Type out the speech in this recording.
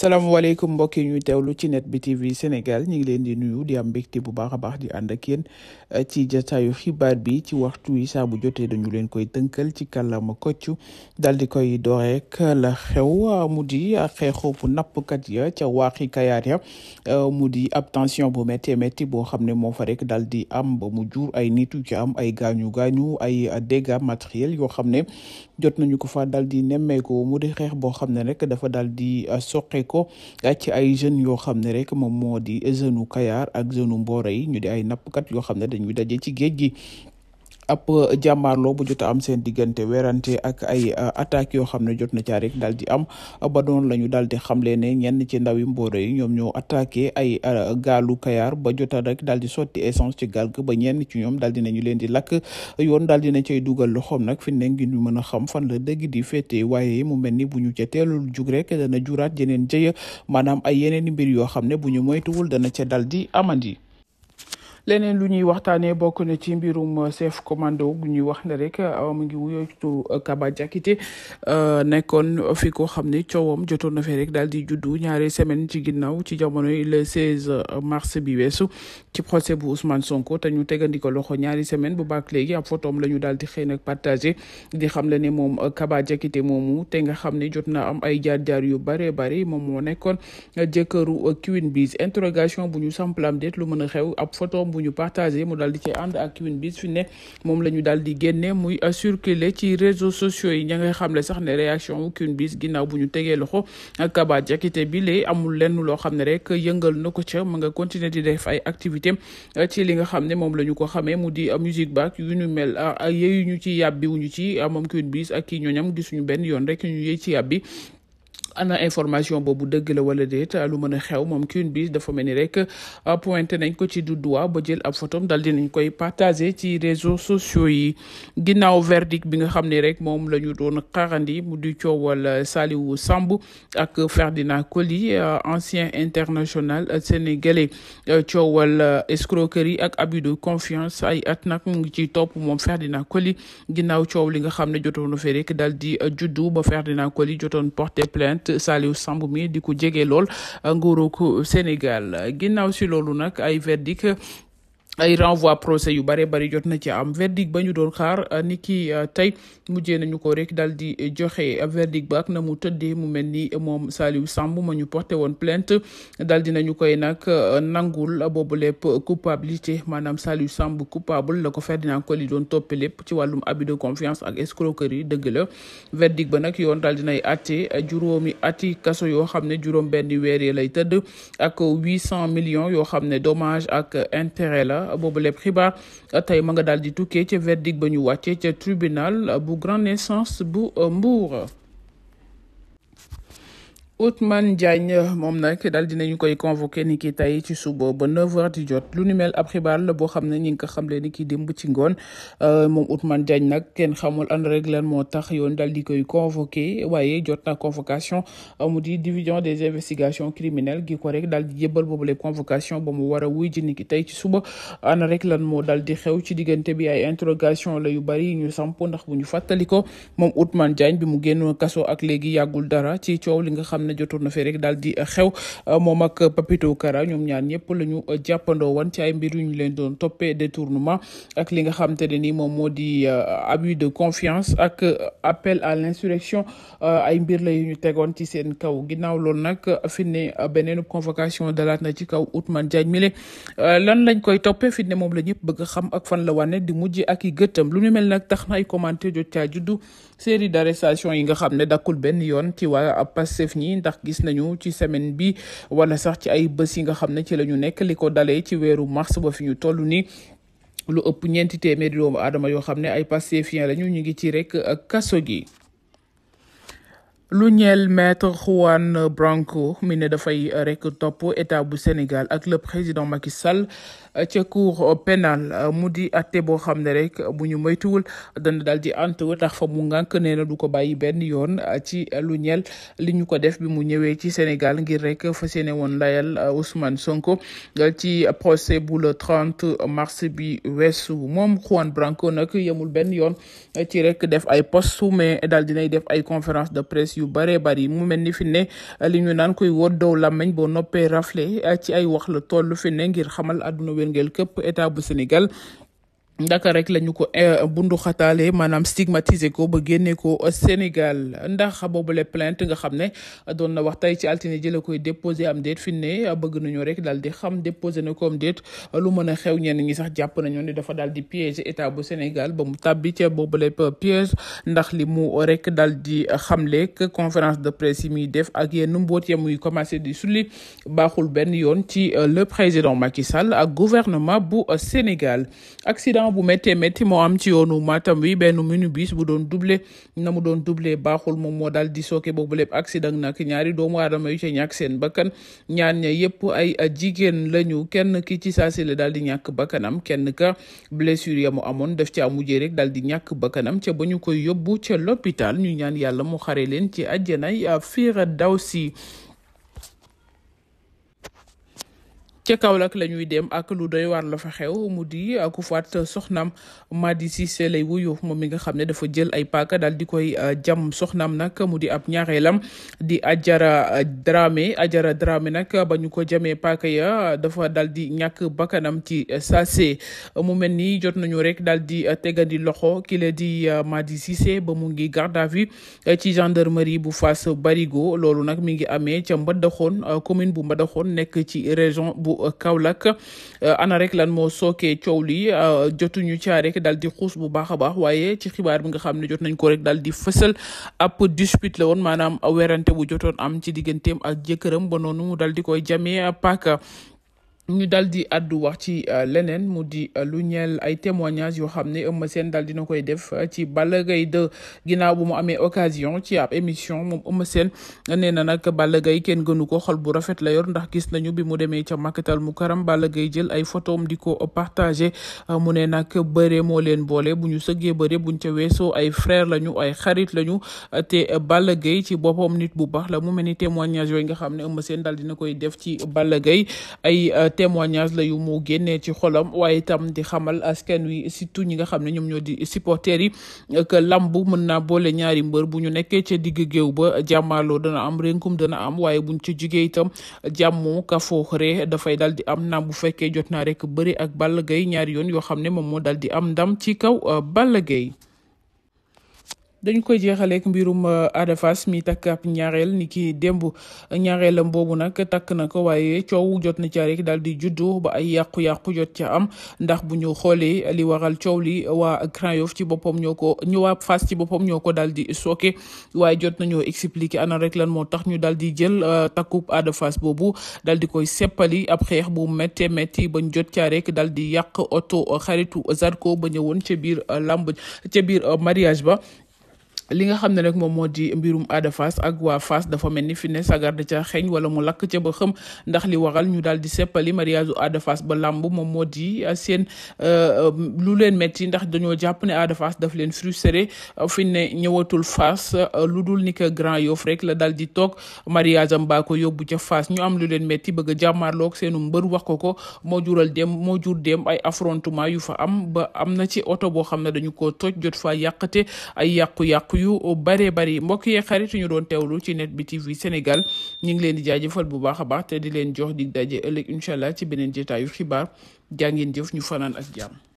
salaamaaleykum mbokk yi ñuy teewlu ci net bi TV Sénégal ñu ngi leen di nuyu di am mbégte bu baax a baax di ànd ak yéen eh, ci jataayu xibaar bi ci waxtu yi saa bu jotee dañu leen koy tënkal ci kàllaama koccu daal di koy dooreek la xew eh, mu di xeexoo bu nappkat ya ca waaxi kayaar ya eh, mu di ab tension bu méttee métti boo xam ne moo fa rek di am ba mu jur ay nit yu ci am ay gaañu gaañu ay dégâts matériels yoo xam ne jot nañu ko fa daal di nemmeeku mu di xeex boo xam ne rek dafa daal di uh, soqe ko uh, ci ay jeunes yoo xam ne rek moom moo di jeune u Kayar ak jeune u Mbooro yi ñu di ay nappkat yoo xam ne dañuy daje ci géej gi ab jàmmaarloo bu jot am seen diggante weerante ak ay uh, attaques yoo xam ne jot na caa rek daal di am ba doon la ñu daal di xamle ne ñenn ci ndawi Mboro yi ñoom ñoo attaqué ay uh, gaalu kayaar ba jota rek daal di sotti essence ci gaal ga ba ñenn ci ñoom daal di nañu leen di lakk yoon daal di na cay dugal loxoom nag fi ne ngir ñu mën a xam fan la dëgg di féete waaye mu mel ni bu ñu ca teelul jug rek dana juraat yeneen jëya maanaam ay yeneen mbir yoo xam ne bu ñu moytuwul dana ca dal di amandi leneen lu ñuy waxtaanee bokk na ci mbirum euh, chef commando gu ñuy wax ne rek euh, mu ngi wuyootu euh, Kaba Diakité nekkoon fi ko xam ne coowam jotoon na fee rek daal di juddu ñaari semaine ci ginnaaw ci jamonoy le 16 mars bi weesu ci procès bu Ousmane Sonko te ñu tegandi ko loxo ñaari semaine bu baax léegi a photoom la ñu daal di xëy nag partagé di xam le ne moom Kaba Diakité moomu te nga xam ne jot na am ay jaar-jaar yu bare bare moom moo nekkoon jëkkëru Queen Biz interrogation bu ñu samplam lu mën a xew ab bu ñu partagé mu daal di cay ànd ak Queen Biz fi ne moom la ñu daal di génne muy euh, circuler ci réseaux sociaux yi ña ngay xam le sax ne réaction wu Queen Biz ginnaaw bu ñu tegee loxo Kaba Diakité bi léegi amul lenn loo xam ne rek yëngal na ko ca ma nga continuer di def ay activité euh, ci li nga xam ne moom la ñu ko xamee mu di euh, musique baak yu ñu mel yeyu ñu ci yàbbiwuñu ci moom Queen Biz ak kii ñooñam gisuñu benn yoon rek ñu yëy ci yàbbi ana information boobu dëgg la wala déet lu mën a xew moom Queen Biz dafa mel ni rek euh, pointé nañ ko ci du doigt ba jël ab photom dal dinañ koy partagé ci réseaux sociaux yi ginnaaw verdict bi nga xam ne rek moom la ñu doon xaarandi mu di coowal euh, Saliou Samb ak Ferdinand Coly euh, ancien international sénégalais coowal escroquerie ak abus de ay at nag mu ngi ciy topp moom Ferdinand Coly ginnaaw coow li nga xam ne jotoon na fi rek dal di juddu ba Ferdinand Coly jotoon porté plainte plainte Saliou sambu mi di ko jege lool a nguuru Sénégal ginnaaw si loolu nag ay verdict ay renvoi procès yu bare bari jot na ci am verdict ba ñu doon xaar euh, ni ki euh, tey mujjee nañu ko rek daal di euh, joxe verdict ba na mu tëddee mu mel ni moom Saliou Samb ma ñu porté woon plainte daal di nañu koy nag nangul boobu lépp culpabilité maanaam Saliou Samb coupable la ko Ferdinand Coly doon toppe lépp ci wàllum abus de confiance ak escroquerie dëgg la verdict ba nag yoon daal dinay atte juróomi ati kaso yoo xam ne juróom benn weer yi lay tëdd ak huit cent millions yoo xam ne domage ak intérêt la boobu lépp xibaar tey ma nga daal di tukkee ca verdict ba ñu wàccee ca tribunal bu grande instance bu Mbour Ousmane Diagne moom nag daal dinañu koy convoqué ni ki tey ci suba ba 9h di jot lu ni mel ab xibaar la boo xam ne ñi nga ko xamle ni ki démb ci ngoon euh, moom Ousmane Diagne nag kenn xamul an rek lan moo tax yoon daal di koy convoqué waaye jot na convocation mu di division des investigations criminelles gi ko rek daal di jébbal boobule convocation ba mu war wuy ni ki tey ci suba an rek lan moo daal di xew ci diggante bi ay interrogation la yu bari ñu samp ndax ñu fàttali ko moom Ousmane Diagne bi mu génn kaso ak léegi yàggul dara ci coow li xam ne jotoon na daal di uh, xew uh, moom ak uh, Papito Kara ñoom ñaar ñëpp la ñu jàppandoo woon ci ay mbir yu ñu leen doon toppee détournement ak li nga xamante ne ni moom moo di abus de confiance ak appel à l'insurrection ay mbir la yu ñu tegoon ci seen kaw ginnaaw loolu nag fi ne beneen convocation dalaat na ci kaw man jaaj mi mile lan lañ koy toppee fi ne moom la ñëpp bëgg xam ak fan la wane di mujj ak i gëttam lu ñu mel nag tax na ay commenté jot caa juddu série d'arrestation yi nga xam ne dakkul benn yoon ci waa Pastef ñi ndax gis nañu ci semaine bi wala sax ci ay bés yi nga xam ne ci la ñu nekk li ko dalee ci weeru mars ba fi ñu toll nii. lu ëpp ñeenti téeméeri doomu aadama yoo xam ne ay Pastefien lañu ñu ngi ci rek kaso gi. lu ñeel maître Juan Branco mi ne dafay rek topp état bu Sénégal ak le président Macky sal a euh, ca cour euh, pénal euh, mu di atte boo xam ne rek bu ñu moytuwul dana daal di antu tax fa mu ngànk nee na du ko bàyyi benn yoon ci lu ñel li ñu ko def bi mu ñëwee ci Sénégal ngir rek fa yéene woon layal Ousmane Sonko ci procès bu le 30 mars bi weesu moom Juan Branco nag yemul benn yoon ci rek def ay post mais daal dinay def ay conférence de presse yu bare bari mu mel ni fi ne li ñu naan koy wóor doow làmmeñ boo noppee rafle ci ay wax la tollu fi wérngeel këpp état bu Sénégal ndaka rek lañu ko eh, bundu xataale maanaam stigmatiser ko ba génne ko Sénégal ndax boobule plainte nga xam ne doon na wax tey ci altine ji la koy déposé am déet fi ne bëgg nañu rek daal di xam déposé na ko am lu mën a xew ñenn ñi sax jàpp nañu ne dafa daal di piéger état bu Sénégal ba mu tàbbi ca boobule piège ndax li mu rek daal di xamleeg conférence de presse yi muy def ak yenn mboot ya muy commencé di sulli baaxul benn yoon ci euh, le président Macky Sall ak gouvernement bu Sénégal accident. accident bu méttee métti moo am ci yoonu Matam wi benn minibus bu doon duble na mu doon doublé baaxul moom moo daal di sooke boobu lépp accident nag ñaari doomu aadama yu ca ñàkk seen bakkan ñaan ña yëpp ay jigéen lañu kenn ki ci saasi la daal di ñàkk bakkanam kenn ka blessure ya mu amoon daf caa mujjee rek daal di ñàkk bakkanam ca ba ñu ko yóbbu ca l'hôpital ñu ñaan yàlla mu xare leen ci daw si ca Kaolack la ñuy dem ak lu doy waar la fa xew mu di ku faat soxnaam Madi Cissé lay wuyu moom mi nga xam ne dafa jël ay paaka daal di koy euh, jam soxnaam nag mu di ab ñaareelam di Ajara euh, Dramé Ajara Dramé nag ba ñu ko jamee paaka ya dafa dal di ñàkk bakkanam ci euh, saase mu mel ni jot nañu rek dal di di loxo kile la di Madi Cissé ba mu ngi garde à vue ci gendarmerie bu Fass Barigo loolu nag mi ngi amee ca Mbadakhoune commune bu Mbadakhoune nekk ci région bu bu Kaolack euh, ana rek lan moo sookee coow li euh, jotuñu caa rek daal di xuus bu baax a baax waaye ci xibaar bi nga xam ne jot nañ ko rek daal di fësal ab dispute la woon maanaam werante bu jotoon am ci digganteem ak jëkkëram ba noonu mu daal di koy jamee ñu daal di àddu wax ci euh, leneen mu di euh, lu ñeel ay témoignages yoo xam ne Eumeu Sène daal dina koy def euh, ci Balla Gaye 2 ginnaaw bu mu amee occasion ci ab émission moom Eumeu Sène nee na nag Balla Gaye kenn gënu ko xol bu rafet la yor ndax gis nañu bi mu demee ca Makkatal mu karam Balla Gaye jël ay photom di ko partagé mu ne nag bëre moo leen boole bu ñu sëggee bu buñ ca weesoo ay frère lañu ay xarit lañu te Balla Gaye ci boppam nit bu baax la mu mel ni témoignage yooyu nga xam ne Eumeu Sène dina koy def ci Balla témoignage la yu mu génnee ci xolam waaye itam di xamal askan wi surtout ñi nga xam ne ñoom ñoo di supporters yi que lamb mën naa boole ñaari mbër bu ñu nekkee ca digg géew ba jàmmaloo dana am rénkum dana am waaye buñ ci jugee itam jàmm kafoo ree dafay dal di am naam bu fekkee jot naa rek bëri ak Balla Gaye ñaari yoon yoo xam ne moom moo dal di am ndam ci kaw Balla Gaye dañ koy jeexaleek mbirum euh, Ada Fass mi takk ab ñaareel ni ki démb ñaareelam boobu nag takk na ko waaye coow jot na ca rek daal di juddu ba ay yàqu jot ca am ndax bu ñu xoolee li waral coow li waa Grand ci boppam ñoo ko ñu waa ci boppam ñoo ko daal di sooke waaye jot nañoo expliquer ana rek lan moo tax ñu daal di jël euh, takkub Ada Fass boobu daal di koy seppali ab xeex bu méttee métti bañ jot ca rek daal di yàq oto xaritu Zarko ba ñëwoon ca biir euh, lamb ca biir mariage ba li nga xam ne rek moom moo di mbirum Ada Fass ak waa Fass dafa mel ni fi ne sagar da ca xeeñ wala mo lakk ca ba xëm ndax li waral ñu daal di seppali mariage Ada Fass ba làmb moom moo di uh, seen uh, um, lu leen metti ndax dañoo jàpp ne Ada Fass daf leen frustré uh, fi ne ñëwatul Fass lu dul ni que Grand Yoff rek la daal di toog mariage am baa ko yóbbu ca Fass ñu am lu leen metti bëgg a jàmmaarloog seenu mbër wax ko ko moo jural dem moo jur dem ay affrontement yu fa am ba am na ci oto boo xam ne dañu ko toj jot fa yàqate ay yàqu yu bare bari mbokk yee xarit ñu doon teewlu ci net bi TV Sénégal ñu ngi leen di jaajëfal bu baax a baax te di leen jox dig daje ëllëg incha allah ci beneen jotaayu xibaar jaa ngeen ñu fanaan ak jàmm.